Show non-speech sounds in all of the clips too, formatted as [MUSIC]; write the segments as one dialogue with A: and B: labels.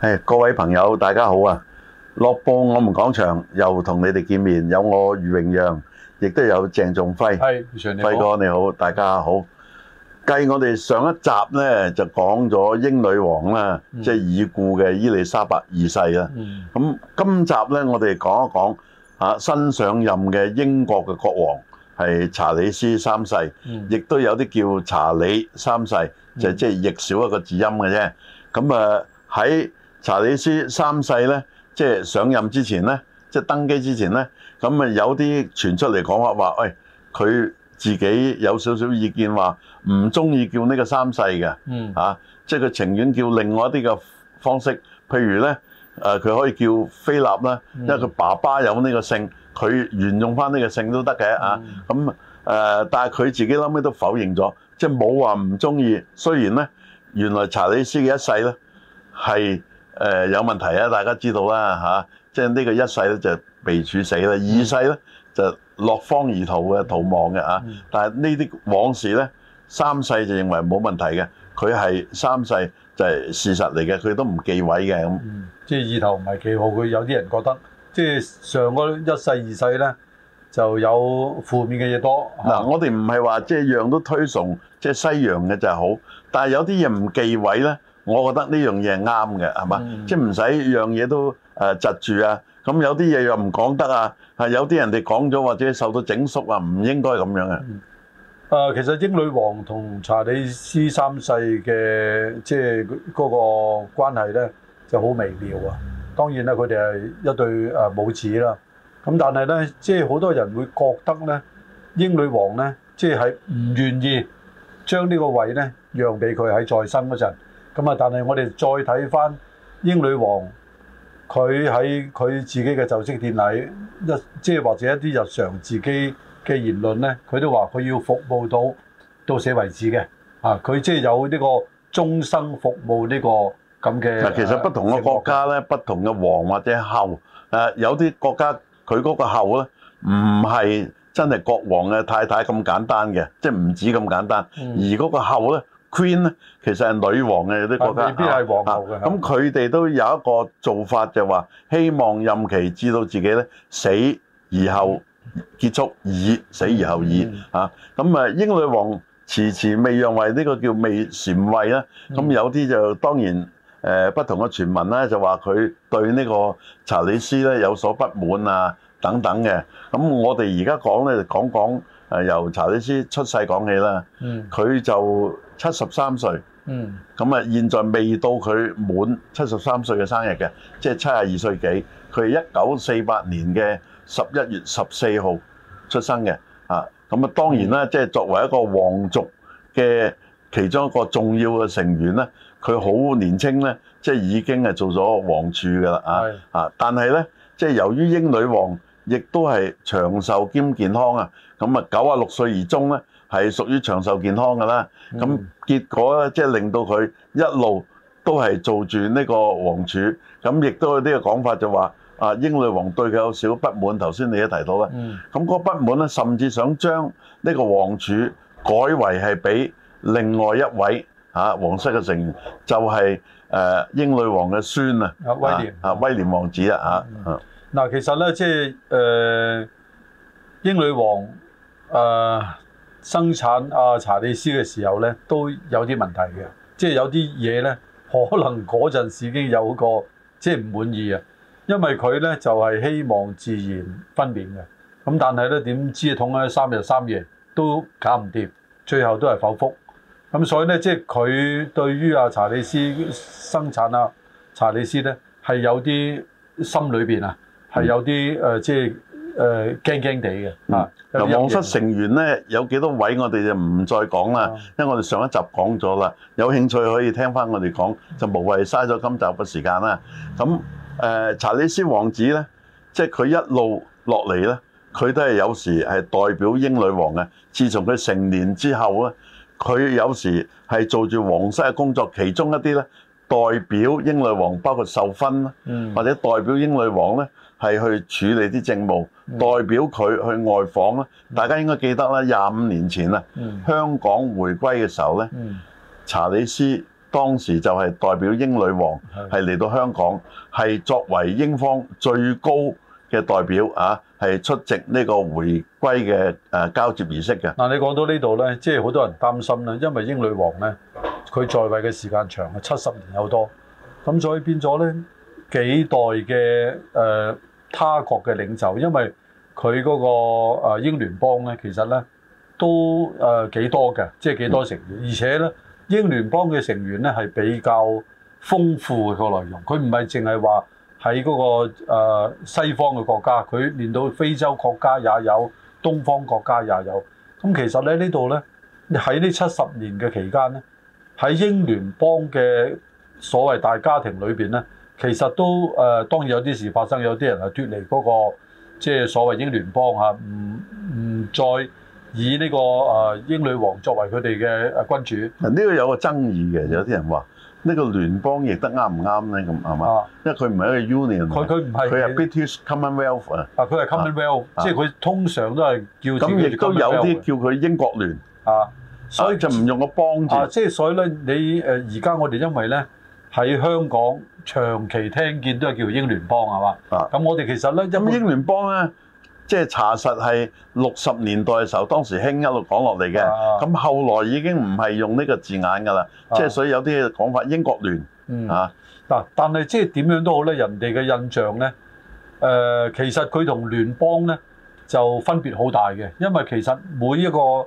A: 係各位朋友，大家好啊！樂報我們講場又同你哋見面，有我余榮讓，亦都有鄭仲輝。係余常輝哥你好，大家好。計我哋上一集呢就講咗英女王啦，即係已故嘅伊麗莎白二世啦。咁今集呢我哋講一講啊新上任嘅英國嘅國王係查理斯三世，亦都有啲叫查理三世，就即係亦少一個字音嘅啫。咁啊喺查理斯三世咧，即係上任之前咧，即係登基之前咧，咁啊有啲傳出嚟講話話，喂、哎、佢自己有少少意見話唔中意叫呢個三世嘅，嗯、啊、即係佢情願叫另外一啲嘅方式，譬如咧，誒、呃、佢可以叫菲立啦，因為佢爸爸有呢個姓，佢沿用翻呢個姓都得嘅啊，咁、啊、誒，但係佢自己諗咩都否認咗，即係冇話唔中意。雖然咧，原來查理斯嘅一世咧係。誒、呃、有問題啊！大家知道啦嚇，即係呢個一世咧就被處死啦，二世咧就落荒而逃嘅，逃亡嘅嚇、啊。但係呢啲往事咧，三世就認為冇問題嘅，佢係三世就係事實嚟嘅，佢都唔忌諱嘅咁、啊嗯。
B: 即係意頭唔係幾好。佢有啲人覺得，即係上嗰一世二世咧就有負面嘅嘢多。嗱、
A: 啊啊，我哋唔係話即係樣都推崇，即係西洋嘅就係好，但係有啲嘢唔忌諱咧。我覺得呢樣嘢係啱嘅，係嘛？即係唔使樣嘢都誒窒住啊！咁有啲嘢又唔講得啊，係有啲人哋講咗或者受到整肅啊，唔應該咁樣嘅。
B: 誒，其實英女王同查理斯三世嘅即係嗰個關係咧就好微妙啊。當然啦，佢哋係一對誒母子啦。咁但係咧，即係好多人會覺得咧，英女王咧即係係唔願意將呢個位咧讓俾佢喺在生嗰陣。咁啊！但係我哋再睇翻英女王，佢喺佢自己嘅就職典禮，一即係或者一啲日常自己嘅言論咧，佢都話佢要服務到到死為止嘅。啊！佢即係有呢個終生服務呢個咁嘅。嗱，其實不同
A: 嘅國家咧，不同嘅王或者後，誒有啲國家佢嗰個後咧，唔係真係國王嘅太太咁簡單嘅，即係唔止咁簡單，而嗰個後咧。嗯 Queen 其實係女王嘅，有啲覺得未必係皇后嘅。咁佢哋都有一個做法就話、是，希望任期至到自己咧死而後結束以，以、嗯、死而後已、嗯、啊。咁啊，英女王遲遲未讓位，呢、這個叫未禪位啦。咁、嗯、有啲就當然誒、呃、不同嘅傳聞啦，就話佢對呢個查理斯咧有所不滿啊等等嘅。咁我哋而家講咧，就講講。誒由查理斯出世講起啦，佢就七十三歲，咁啊，現在未到佢滿七十三歲嘅生日嘅，即係七十二歲幾。佢係一九四八年嘅十一月十四號出生嘅，啊，咁啊當然啦，即係作為一個皇族嘅其中一個重要嘅成員咧，佢好年青咧，即係已經係做咗王儲㗎喇，啊，啊，但係咧，即係由於英女王。亦都係長壽兼健康啊！咁啊，九十六歲而終咧，係屬於長壽健康㗎啦。咁結果咧，即係令到佢一路都係做住呢個王儲。咁亦都有啲嘅講法就話啊，英女王對佢有少少不滿。頭先你都提到啦，咁嗰個不滿咧，甚至想將呢個王儲改為係俾另外一位啊皇室嘅成員就係。誒、uh,，英女王嘅孫啊，威廉，啊,啊威廉王子啊，吓，
B: 嗱，其實咧，即係誒，英女王誒、呃、生產啊查理斯嘅時候咧，都有啲問題嘅，即、就、係、是、有啲嘢咧，可能嗰陣時已經有個即係唔滿意啊，因為佢咧就係、是、希望自然分娩嘅，咁但係咧點知痛咗三日三夜都搞唔掂，最後都係剖腹。咁所以咧，即係佢對於啊查理斯生產啊查理斯咧，係有啲心裏面，啊，係有啲即係誒、呃、驚驚地嘅。啊、嗯，嗱，王室成
A: 員咧有幾多位，我哋就唔再講啦，因為我哋上一集講咗啦。有興趣可以聽翻我哋講，就無謂嘥咗今集嘅時間啦。咁誒、呃、查理斯王子咧，即係佢一路落嚟咧，佢都係有時係代表英女王嘅。自從佢成年之後咧。佢有時係做住皇室嘅工作，其中一啲咧代表英女王，包括授勳啦，嗯，或者代表英女王咧係去處理啲政務，代表佢去外訪啦。大家應該記得啦，廿五年前啊，香港回歸嘅時候咧，查理斯當時就係代表英女王係嚟到香港，係作為英方最高嘅代表啊。係出席呢個回歸嘅誒交接儀式嘅。
B: 嗱，你講到呢度呢，即係好多人擔心啦，因為英女王呢，佢在位嘅時間長，七十年有多，咁所以變咗呢，幾代嘅誒他國嘅領袖，因為佢嗰個誒英聯邦呢，其實呢都誒幾多嘅，即係幾多成員，而且呢，英聯邦嘅成員呢，係比較豐富嘅個內容，佢唔係淨係話。喺嗰個西方嘅國家，佢連到非洲國家也有，東方國家也有。咁其實咧呢度呢，喺呢七十年嘅期間呢，喺英聯邦嘅所謂大家庭裏邊呢，其實都誒、呃、當然有啲事發生，有啲人係脫離嗰、那個即係、就是、所謂英聯邦嚇，唔唔再以呢個誒英女王作為佢哋嘅君主。嗱呢個有個爭議嘅，有
A: 啲人話。這個、聯對對呢個聯邦亦得啱唔啱咧？咁係嘛？因為佢唔係一個 union，佢佢唔係，佢係
B: British Commonwealth 啊！啊，佢係 Commonwealth，即係佢通常都係叫。咁、啊、亦都有啲叫佢英國聯啊，啊，所以就唔用個邦字、啊。即係所以咧，你誒而家我哋因為咧喺香港長期聽見都係叫英聯邦係嘛？啊，咁我哋其實咧，有、嗯、英聯邦咧？即係查實係六十年代嘅時候，
A: 當時興一路講落嚟嘅。咁、啊、後來已經唔係用呢個字眼㗎啦、啊。即係所以有啲
B: 嘅講法英國聯嚇嗱、嗯啊，但係即係點樣都好咧，人哋嘅印象咧，誒、呃、其實佢同聯邦咧就分別好大嘅，因為其實每一個誒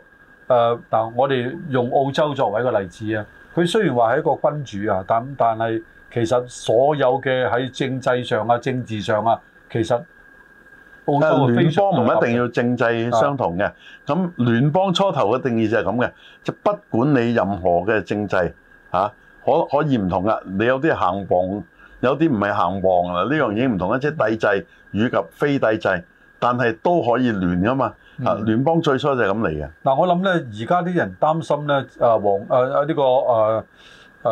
B: 嗱、呃，我哋用澳洲作為一個例子啊，佢雖然話係一個君主啊，但但係其實所有嘅喺政制上啊、政治上啊，其實。啊！聯邦唔一定要
A: 政制相
B: 同嘅，咁、
A: 啊、聯邦初頭嘅定義就係咁嘅，就不管你任何嘅政制嚇、啊，可可以唔同噶，你有啲行王，有啲唔係行王啊，呢樣嘢唔同啊，即係帝制與及非帝制，但係都可以聯噶嘛、嗯。啊，聯邦最初就係咁嚟嘅。
B: 嗱、啊，我諗咧，而家啲人擔心咧，啊王啊、呢個、啊呢個啊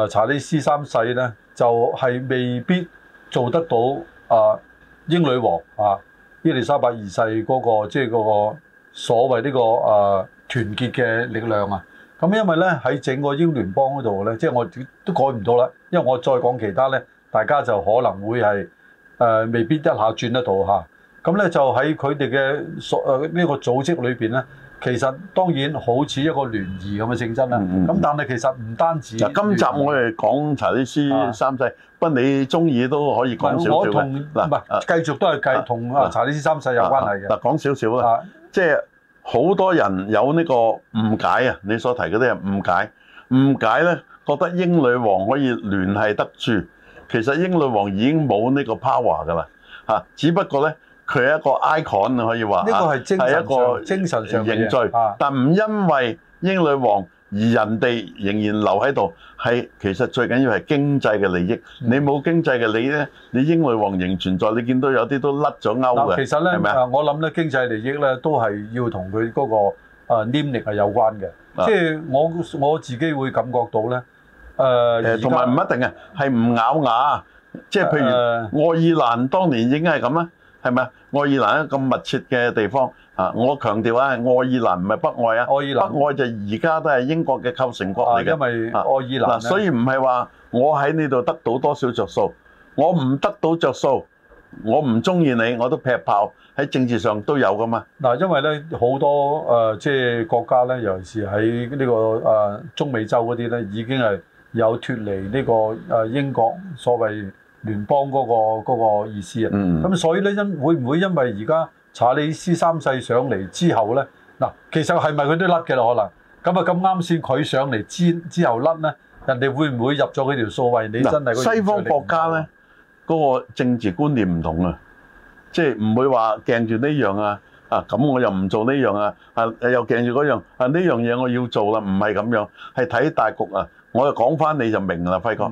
B: 啊查理斯三世咧，就係、係、未必做得到啊英女王啊。伊利沙伯二世嗰、那個即係嗰所謂呢、這個誒、啊、團結嘅力量啊！咁因為咧喺整個英聯邦嗰度咧，即係我都改唔到啦。因為我再講其他咧，大家就可能會係誒、啊、未必一下轉得到嚇。咁、啊、咧就喺佢哋嘅所誒呢個組織裏面咧。其實當然好似一個聯誼咁嘅性質啦。咁、嗯、但係其實唔單止。嗱，今集
A: 我哋講查理斯三世，啊、不你中意都
B: 可以講少少咧。唔係、啊，繼續都係計同啊查理斯三世有關係嘅。嗱、
A: 啊啊啊啊啊，講少少啦，即係好多人有呢個誤解啊。你所提嗰啲係誤解，誤解咧覺得英女王可以聯繫得住，其實英女王已經冇呢個 power 噶啦。嚇、啊，只不過咧。佢係一個 icon 可以話，呢個係精神上凝聚，但唔因為英女王而人哋仍然留喺度，係其實最緊要係經濟嘅利益。嗯、你冇經濟嘅利益，你英女王仍存在，你見到有啲都甩咗勾嘅。其實咧，係咪？
B: 我諗咧經濟利益咧都係要同佢嗰個誒黏力係有關嘅。即、啊、係我我自己會感覺到咧，誒同埋唔一定嘅，係唔咬牙。即、呃、係譬如愛爾蘭當年已經
A: 係咁啦。係咪啊？愛爾蘭咧咁密切嘅地方，啊，我強調啊，愛爾蘭唔係北愛啊，愛爾蘭，北愛就而家都係英國嘅構成國嚟嘅。啊，因為愛爾蘭。嗱，所以唔係話我喺呢度得到多少着數，我唔得到着數，我唔中意你，我都劈炮喺政治上都有噶嘛。
B: 嗱，因為咧好多誒，即係國家咧，尤其是喺呢個誒中美洲嗰啲咧，已經係有脫離呢個誒英國所謂。聯邦嗰個嗰個意思啊，咁所以咧，因會唔會因為而家查理斯三世上嚟之後咧，嗱其實係咪佢都甩嘅啦？可能咁啊，咁啱先佢上嚟之之後甩咧，人哋會唔會入咗佢條數為你真係？西方國
A: 家咧嗰個政治觀念唔同啊，即係唔會話鏡住呢樣啊啊，咁我又唔做呢樣啊啊，又鏡住嗰樣啊呢樣嘢我要做啦，唔係咁樣係睇大局啊，我就講翻你就明啦，輝哥。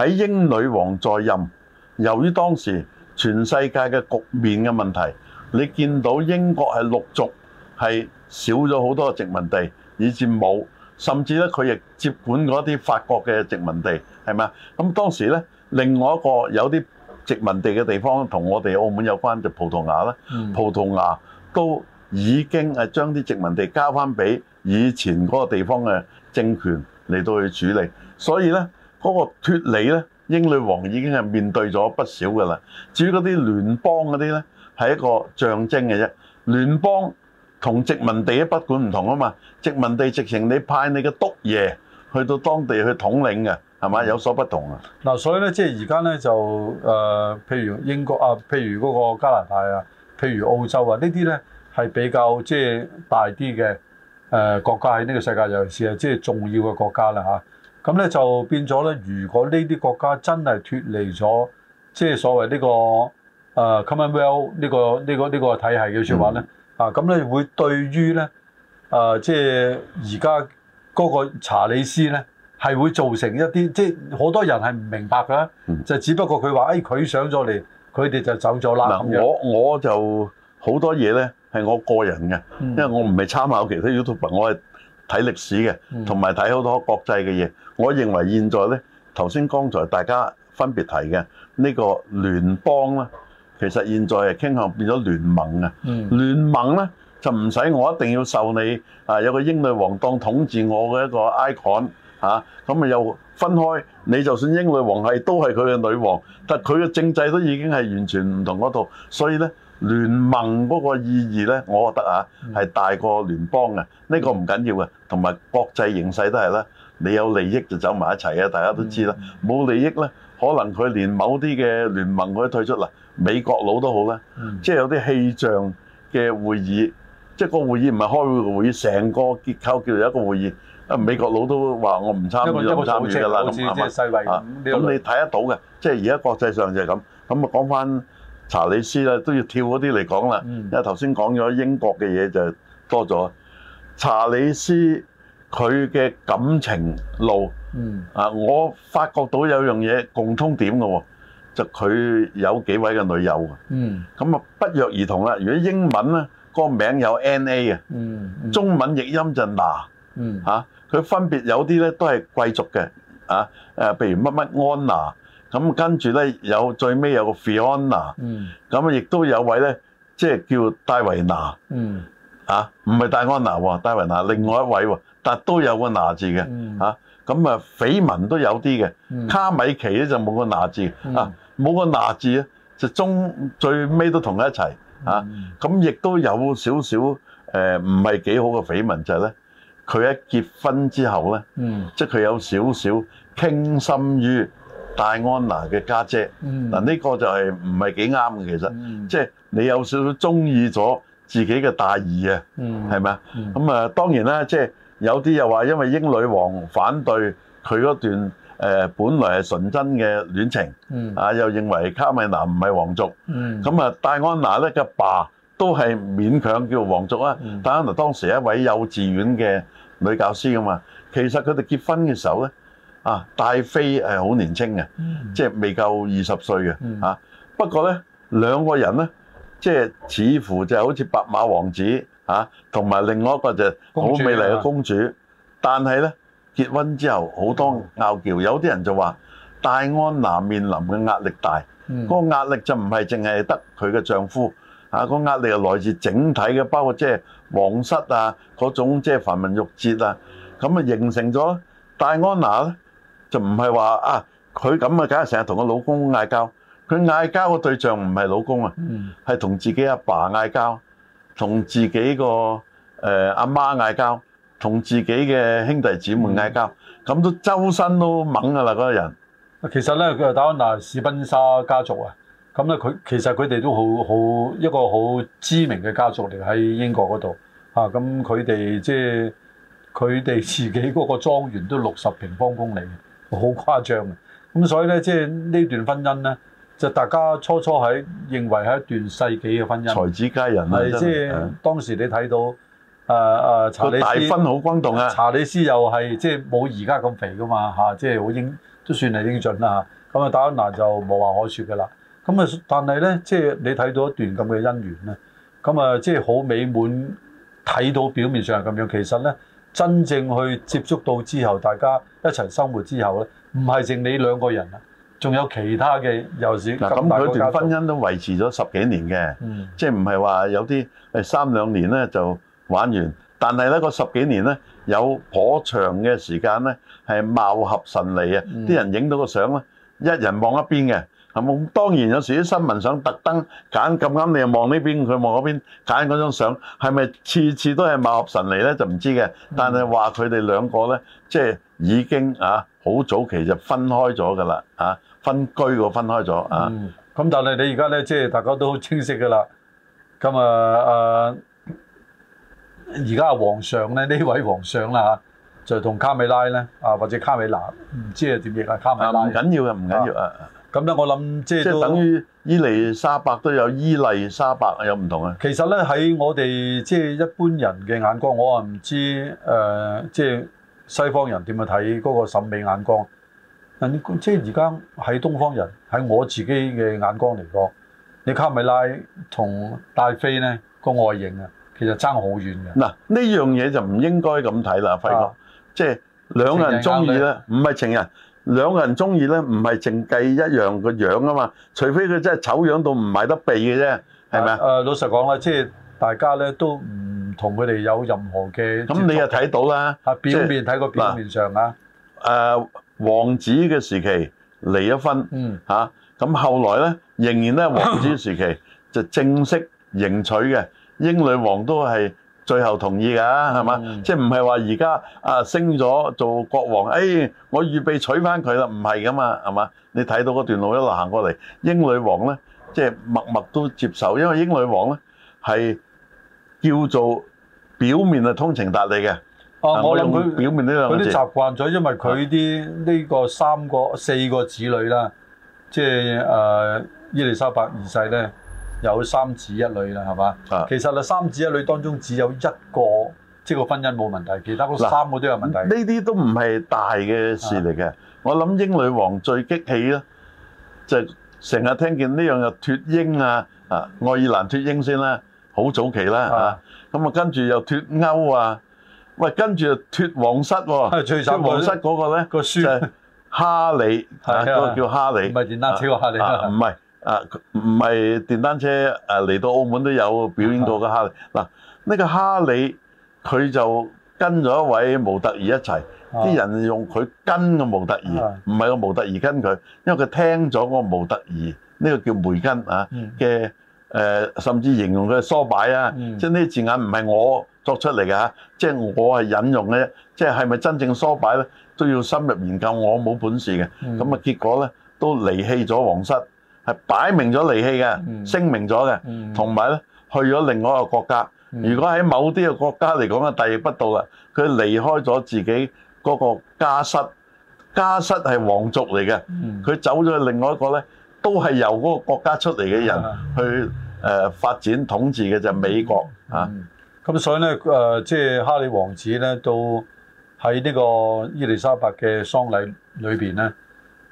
A: 喺英女王在任，由於當時全世界嘅局面嘅問題，你見到英國係陸續係少咗好多殖民地，以至冇，甚至咧佢亦接管嗰啲法國嘅殖民地，係咪啊？咁當時咧，另外一個有啲殖民地嘅地方，同我哋澳門有關就葡萄牙啦，嗯，葡萄牙都已經係將啲殖民地交翻俾以前嗰個地方嘅政權嚟到去處理，所以咧。嗰、那個脱離咧，英女王已經係面對咗不少㗎啦。至於嗰啲聯邦嗰啲咧，係一個象徵嘅啫。聯邦同殖民地不管唔同啊嘛，殖民地直情你派你嘅督爺去到當地去統領嘅，係咪有所不同啊。
B: 嗱，所以咧即係而家咧就誒、呃，譬如英國啊，譬如嗰個加拿大啊，譬如澳洲啊，呢啲咧係比較即係大啲嘅誒國家喺呢個世界，尤其是即係重要嘅國家啦嚇。咁咧就變咗咧，如果呢啲國家真係脱離咗，即係所謂呢個、呃、Commonwealth 呢個、呢個、呢個體系嘅説話咧，嗯、啊咁咧會對於咧誒、呃、即係而家嗰個查理斯咧係會造成一啲即係好多人係唔明白㗎，嗯、就只不過佢話誒佢上咗嚟，佢哋就走咗啦。嗱，我
A: 我就好多嘢咧係我個人嘅，嗯、因為我唔係參考其他 YouTube，我係。睇歷史嘅，同埋睇好多國際嘅嘢。我認為現在呢頭先剛，剛才大家分別提嘅呢、呢個聯邦呢，其實現在係傾向變咗聯盟啊、嗯。聯盟呢，就唔使我一定要受你啊，有個英女王當統治我嘅一個 icon 嚇、啊，咁咪又分開。你就算英女王係都係佢嘅女王，但佢嘅政制都已經係完全唔同嗰套，所以呢。聯盟嗰個意義咧，我覺得啊係大過聯邦嘅，呢個唔緊要嘅，同埋國際形勢都係啦。你有利益就走埋一齊啊，大家都知啦。冇利益咧，可能佢連某啲嘅聯盟佢都退出嗱。美國佬都好啦，即係有啲氣象嘅會議，即係個會議唔係開會嘅會議，成個結構叫做一個會議。啊，美國佬都話我唔參與就唔參與㗎啦，咁啱啊。咁你睇得到嘅，即係而家國際上就係咁。咁啊，講翻。查理斯啦都要跳嗰啲嚟講啦，因為頭先講咗英國嘅嘢就多咗。查理斯佢嘅感情路啊，我發覺到有樣嘢共通點嘅喎，就佢有幾位嘅女友。咁啊不約而同啦，如果英文咧嗰個名有 NA 嘅，中文譯音就娜。嚇，佢分別有啲咧都係貴族嘅啊，誒譬如乜乜安娜。咁跟住咧，有最尾有個 Fiona，咁啊，亦都有位咧，即係叫戴維娜，嚇，唔係戴安娜喎，戴維娜另外一位喎，但係都有個娜字嘅，咁、嗯、啊，緋聞都有啲嘅，卡米奇咧就冇個娜字，啊，冇個娜字咧，就中最尾都同佢一齊，咁、啊、亦都有少少誒，唔係幾好嘅緋聞就係、是、咧，佢一結婚之後咧、嗯，即係佢有少少傾心於。戴安娜嘅家姐，姐，嗱、嗯、呢個就係唔係幾啱嘅其實，即、嗯、係、就是、你有少少中意咗自己嘅大義啊，係咪啊？咁啊、嗯、當然啦，即、就、係、是、有啲又話因為英女王反對佢嗰段誒本來係純真嘅戀情，嗯、啊又認為卡米娜唔係皇族，咁、嗯、啊戴安娜咧嘅爸都係勉強叫皇族啊、嗯。戴安娜當時一位幼稚園嘅女教師啊嘛，其實佢哋結婚嘅時候咧。啊，戴妃係好年輕嘅、嗯，即係未夠二十歲嘅嚇、嗯。不過呢，兩個人呢，即係似乎就好似白馬王子嚇，同、啊、埋另外一個就好美麗嘅公主。公主啊、但係呢，結婚之後好多拗撬，有啲人就話戴安娜面臨嘅壓力大，嗯，嗰個壓力就唔係淨係得佢嘅丈夫嚇，啊嗰個壓力就來自整體嘅，包括即係皇室啊嗰種即係繁文縟節啊，咁啊形成咗戴安娜咧。就唔係話啊，佢咁啊，梗係成日同個老公嗌交。佢嗌交嘅對象唔係老公啊，係、嗯、同自己阿爸嗌交，同自己個誒阿媽
B: 嗌交，同、呃、自己嘅兄弟姊妹嗌交。咁都周身都猛噶啦嗰個人。其實咧，佢係打安娜史賓沙家族啊。咁咧，佢其實佢哋都好好一個好知名嘅家族嚟喺英國嗰度嚇。咁佢哋即係佢哋自己嗰個莊園都六十平方公里。好誇張嘅，咁所以咧，即係呢段婚姻咧，就大家初初喺認為係一段世紀嘅婚姻，才子佳人啦、啊，即係當時你睇到，誒誒查理斯，佢大婚好轟動啊！查理斯，查理斯又係即係冇而家咁肥噶嘛嚇，即係好、啊、英，都算係英俊啦咁啊，戴安娜就無話可説噶啦。咁啊，但係咧，即係你睇到一段咁嘅姻緣咧，咁啊，即係好美滿，睇到表面上係咁樣，其實咧。真正去接觸到之後，大家一齊生活之後咧，唔係剩你兩個人啦，仲有其他嘅，又是咁大個家族、啊、佢段婚
A: 姻都維持咗十幾年嘅、嗯，即係唔係話有啲誒三兩年咧就玩完，但係咧，個十幾年咧，有頗長嘅時間咧係貌合神離啊！啲、嗯、人影到個相咧，一人望一邊嘅。係冇，當然有時啲新聞想特登揀咁啱你又望呢邊，佢望嗰邊揀嗰張相，係咪次次都係貌合神離咧就唔知嘅。但係話佢哋兩個咧，即係已經啊好早期就分
B: 開咗㗎啦，啊分居過分開咗啊。咁、嗯、但係你而家咧，即係大家都好清晰㗎啦。咁啊啊，而家啊皇上咧呢這位皇上啦、啊，就同卡美拉咧啊或者卡美娜，唔知係點譯卡美拉。唔緊要嘅，唔緊要啊。咁咧，我諗即係都，即係等於伊麗莎白都有伊麗莎白啊，有唔同啊。其實咧，喺我哋即係一般人嘅眼光，我係唔知誒，即係西方人點樣睇嗰個審美眼光。嗱，你即係而家喺東方人，喺我自己嘅眼光嚟講，你卡米拉同戴妃咧個外形啊，其實爭好遠嘅。嗱，呢樣嘢就唔應該咁睇啦，輝哥，即係兩個人中意咧，唔係情人。兩個
A: 人中意咧，唔係淨計一樣個樣啊嘛，除非佢真係醜樣到唔係得避嘅
B: 啫，係咪啊？誒、啊，老實講咧，即係大家咧都唔同佢哋有任何嘅。咁你又睇到啦、啊，表面睇個、就是、表面上啊，誒、啊，王子
A: 嘅時期離咗婚，嚇、嗯、咁、啊、後來咧仍然咧王子時期 [LAUGHS] 就正式迎娶嘅英女王都係。最後同意㗎，係嘛、嗯？即係唔係話而家啊升咗做國王？誒、哎，我預備娶翻佢啦，唔係噶嘛，係嘛？你睇到嗰段路一路行過嚟，英女王咧，即係默默都接受，因為英女王咧係叫做表面係通情達理嘅。哦、啊，我諗佢表面都佢啲習
B: 慣咗，因為佢啲呢個三個四個子女啦，即係誒、啊、伊麗莎白二世咧。有三子一女啦，係嘛、啊？其實啊，三子一女當中只有一個即係個婚姻冇問題，其他三個都有問
A: 題。呢啲都唔係大嘅事嚟嘅、啊。我諗英女王最激氣咯、這個，就成日聽見呢樣又脫英啊，啊愛爾蘭脫英先啦，好早期啦嚇。咁啊，啊跟住又脫歐啊，喂跟住又脫王室喎、啊啊。最王室嗰個咧、那個孫，就係、哈利嗰、啊啊那個叫哈利。唔係電單車哈利、啊。唔、啊、係。唔係啊，唔係電單車，誒、啊、嚟到澳門都有表演過嘅哈利。嗱，呢個哈利佢就跟咗一位模特兒一齊，啲人用佢跟個模特兒，唔係個模特兒跟佢，因為佢聽咗個模特兒，呢個叫梅根啊嘅誒、呃，甚至形容佢梳擺啊，是即係呢啲字眼唔係我作出嚟嘅嚇，即係我係引用嘅，即係係咪真正梳擺咧都要深入研究，我冇本事嘅，咁啊結果咧都離棄咗皇室。係擺明咗離棄嘅，聲明咗嘅，同埋咧去咗另外一個國家。如果喺某啲嘅國家嚟講嘅待遇不到啦，佢離開咗自己嗰個家室，家室係皇族嚟嘅，佢走咗去另外一個咧，都係由嗰個國家出嚟嘅人去
B: 誒發展統治嘅就係、是、美國啊。咁、嗯嗯嗯、所以咧誒，即係哈利王子咧，都喺呢個伊麗莎白嘅喪禮裏邊咧。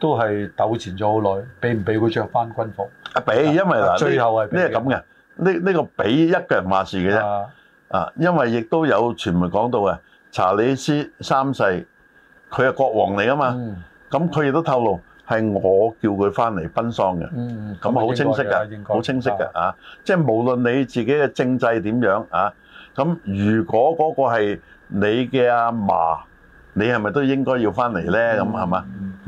B: 都係糾纏咗好耐，俾唔俾佢著翻軍服？啊，俾，因為嗱，最後係
A: 咁嘅？呢呢個俾一個人話事嘅啫。啊，因為亦都有傳聞講到嘅查理斯三世，佢係國王嚟啊嘛。咁佢亦都透露係我叫佢翻嚟奔喪嘅。嗯嗯，咁啊好清晰㗎，好清晰㗎啊！即係無論你自己嘅政制點樣啊，咁如果嗰個係你嘅阿嫲。你係咪都應該要翻嚟咧？咁係嘛？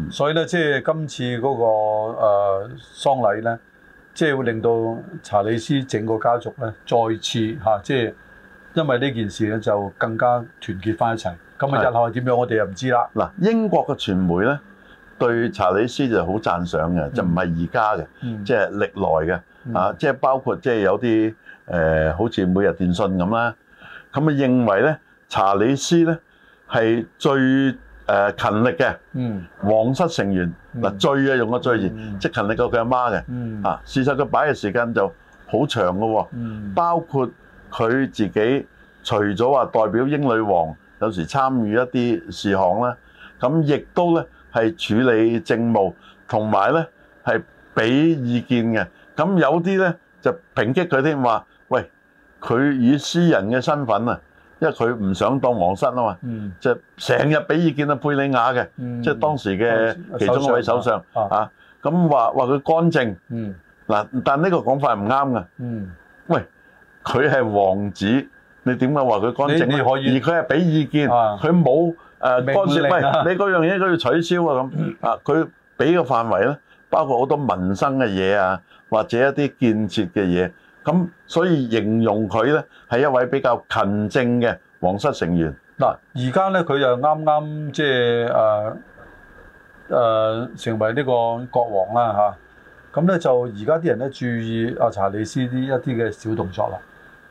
B: 所以咧，即係今次嗰個誒喪禮咧，即係會令到查理斯整個家族咧，再次嚇，即係因為呢件事咧，就更加團結翻一齊。咁啊，日後係點樣，我哋又唔知啦。
A: 嗱，英國嘅傳媒咧，對查理斯就好讚賞嘅，就唔係而家嘅，即係歷來嘅嚇，即係包括即係有啲誒好似每日電訊咁啦。咁啊，認為咧，查理斯咧。係最誒勤力嘅，皇室成員嗱、嗯、最啊用嘅最字，即、嗯係、勤力過佢阿媽嘅。啊事實佢擺嘅時間就好長、哦、嗯包括佢自己除咗話代表英女王，有時參與一啲事項咧，咁亦都咧係處理政務，同埋咧係俾意見嘅。咁有啲咧就抨擊佢添，話，喂佢以私人嘅身份啊！因為佢唔想當王室啊嘛，即係成日俾意見啊佩里亞嘅，即、嗯、係當時嘅其中一位首相、嗯、啊，咁話話佢乾淨，嗱，嗯、但呢個講法係唔啱㗎。嗯、喂，佢係王子，你點解話佢乾淨咧？而佢係俾意見，佢冇誒干涉。喂、啊，你嗰樣嘢佢要取消啊咁啊，佢俾嘅範圍咧，包括好多民生嘅嘢啊，或者一啲建設嘅嘢。咁所以形容佢咧，係一位比較勤政嘅皇室成
B: 員。嗱，而家咧佢又啱啱即係誒誒成為呢個國王啦嚇。咁、啊、咧就而家啲人咧注意阿、啊、查理斯呢一啲嘅小動作啦。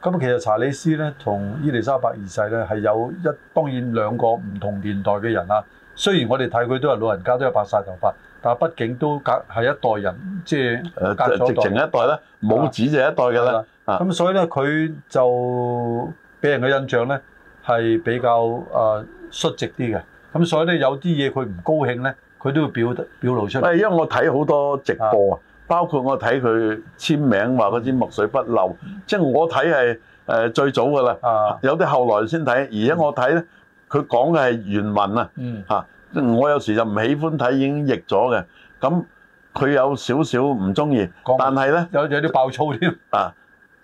B: 咁其實查理斯咧同伊麗莎白二世咧係有一當然兩個唔同年代嘅人啦。雖然我哋睇佢都係老人家，都係白晒頭髮。但係畢竟都隔係一代人，即係直情一代啦，
A: 冇子就一
B: 代嘅啦。咁所以咧，佢就俾人嘅印象咧係比較誒、呃、率直啲嘅。咁所以咧，有啲嘢佢唔高興咧，佢都會表表露出嚟。因
A: 為我睇好多直播啊，包括我睇佢簽名話嗰啲墨水不漏，即、就、係、是、我睇係誒最早嘅啦。有啲後來先睇，而且我睇咧，佢、嗯、講嘅係原文啊，嚇。我有時就唔喜歡睇已經譯咗嘅，咁佢有少少唔中意，但係
B: 咧有有啲爆粗添，啊，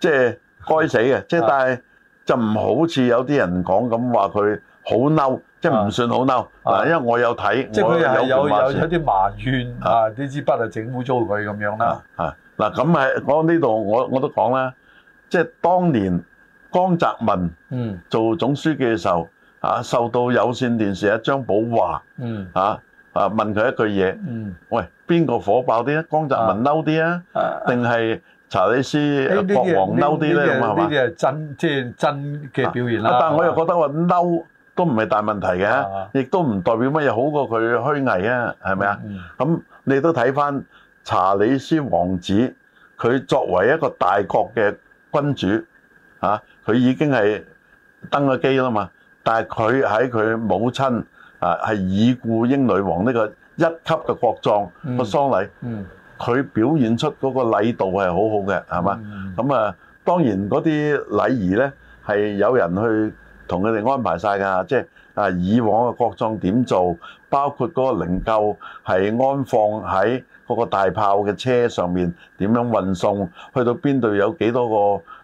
A: 即、就、係、是、該死嘅，即係但係就唔好似有啲人講咁話佢好嬲，即係唔算好嬲嗱，因為我有睇、啊，即係佢又有有有啲埋
B: 怨啊，呢、啊、支筆啊整污糟佢咁樣啦，
A: 啊嗱咁係講到呢度我我都講啦、嗯，即係當年江澤民做總書記嘅時候。嗯啊！受到有線電視啊，張寶華，嗯，嚇啊，問佢一句嘢，嗯，喂，邊個火爆啲啊？江澤民嬲啲啊？定係查理斯國王嬲啲咧？咁係嘛？呢啲係
B: 真，即、就、係、是、真嘅表現啦、啊。但係我又覺得話嬲
A: 都唔係大問題嘅，亦都唔代表乜嘢好過佢虛偽啊？係咪啊？咁、嗯、你都睇翻查理斯王子，佢作為一個大國嘅君主，嚇、啊，佢已經係登咗基啦嘛。但係佢喺佢母親啊，係已故英女王呢個一級嘅國葬個喪禮，佢表現出嗰個禮度係好好嘅，係嘛？咁啊，當然嗰啲禮儀呢係有人去同佢哋安排晒㗎，即係啊以往嘅國葬點做，包括嗰個靈柩係安放喺嗰個大炮嘅車上面點樣運送，去到邊度有幾多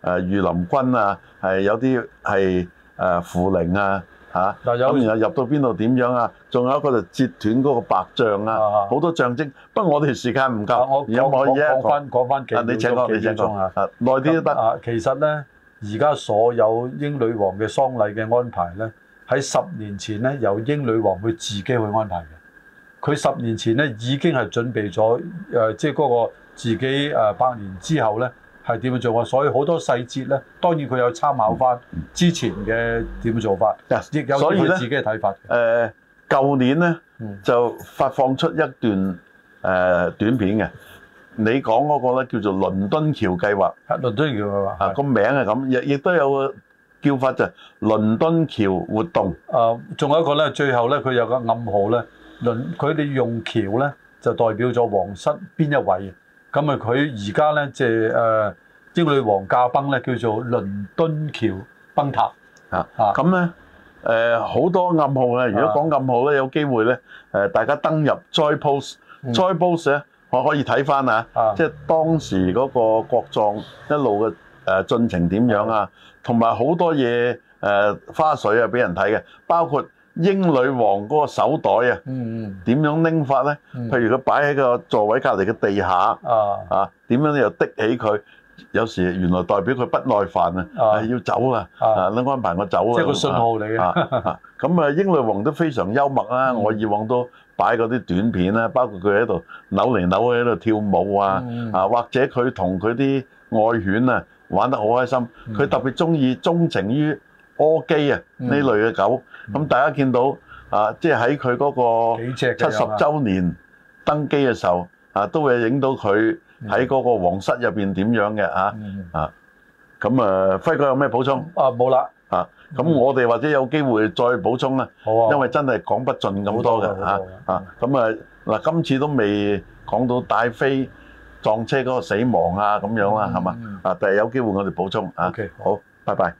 A: 個誒御林軍啊？係有啲係。誒、啊、扶靈啊嚇，咁、啊啊、然後入到邊度點樣啊？仲有一個就截斷嗰個白象啊，好多象徵。是是是，不過我哋時間唔夠，我講講翻講翻幾分鐘幾分鐘啊，
B: 耐啲都得。其實咧，而家所有英女王嘅喪禮嘅安排咧，喺十年前咧，由英女王佢自己去安排嘅。佢十年前咧已經係準備咗誒、呃，即係嗰個自己誒、呃、百年之後咧。係點樣做啊？所以好多細節咧，當然佢有參考翻之前嘅點做法。嗱、嗯，亦、嗯、有佢自己嘅睇法。
A: 誒，舊、呃、年咧、嗯、就發放出一段誒、呃、短片嘅，你講嗰個咧叫做倫《倫敦橋計劃》。
B: 倫敦橋計劃啊，個名係咁，亦亦都有個叫法就係《倫敦橋活動》呃。啊，仲有一個咧，最後咧，佢有個暗號咧，倫佢哋用橋咧就代表咗皇室邊一位。咁啊，佢、就、而、是呃、家咧即係誒英女王駕崩咧，叫做倫敦橋崩塌啊！咁咧
A: 好多暗號咧。如果講暗號咧、啊，有機會咧、呃、大家登入 Joy Post 再、嗯、Joy Post 咧，我可以睇翻啊！即、啊、係、就是、當時嗰個國葬一路嘅誒、啊、進程點樣啊，同埋好多嘢誒花絮啊，俾、呃啊、人睇嘅，包括。英女王嗰個手袋啊，點、嗯、樣拎法咧？譬、嗯、如佢擺喺個座位隔離嘅地下啊，啊點樣又的起佢？有時原來代表佢不耐煩啊，要走啦啊！你、啊、安排我走啊，即係個信號嚟嘅。咁啊，啊， [LAUGHS] 啊，啊、嗯，英女王都非常幽默啦、嗯。我以往都擺嗰啲短片咧，包括佢喺度扭嚟扭去喺度跳舞、嗯、啊，啊或者佢同佢啲愛犬啊玩得好開心。佢特別中意，鍾、嗯、情於。柯基啊，呢類嘅狗，咁大家見到啊，即係喺佢嗰個七十週年登基嘅時候啊，都會影到佢喺嗰個皇室入邊點樣嘅啊啊，咁啊輝哥有咩補充啊？冇啦啊，咁我哋或者有機會再補充啦，好啊，因為真係講不盡咁多嘅嚇啊，咁啊嗱，今次都未講到戴妃撞車嗰個死亡啊咁樣啦，係嘛啊？第日有機會我哋補充啊，好，拜拜。